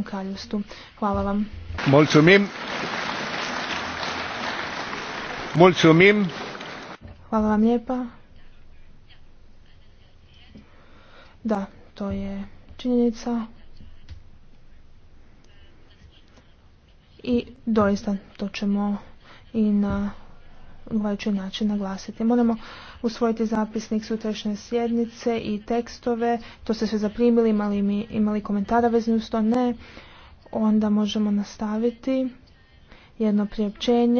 Ujedinjenom kraljevstvu. Hvala vam. Mulțumim. Mulțumim. Hvala vam lijepa. Da, to je činjenica. I doista to ćemo i na odgovarajući način naglasiti. Moramo usvojiti zapisnik sutrašnje sjednice i tekstove. To ste sve zaprimili, imali, mi, imali komentara vezni uz to? Ne. Onda možemo nastaviti jedno priopćenje.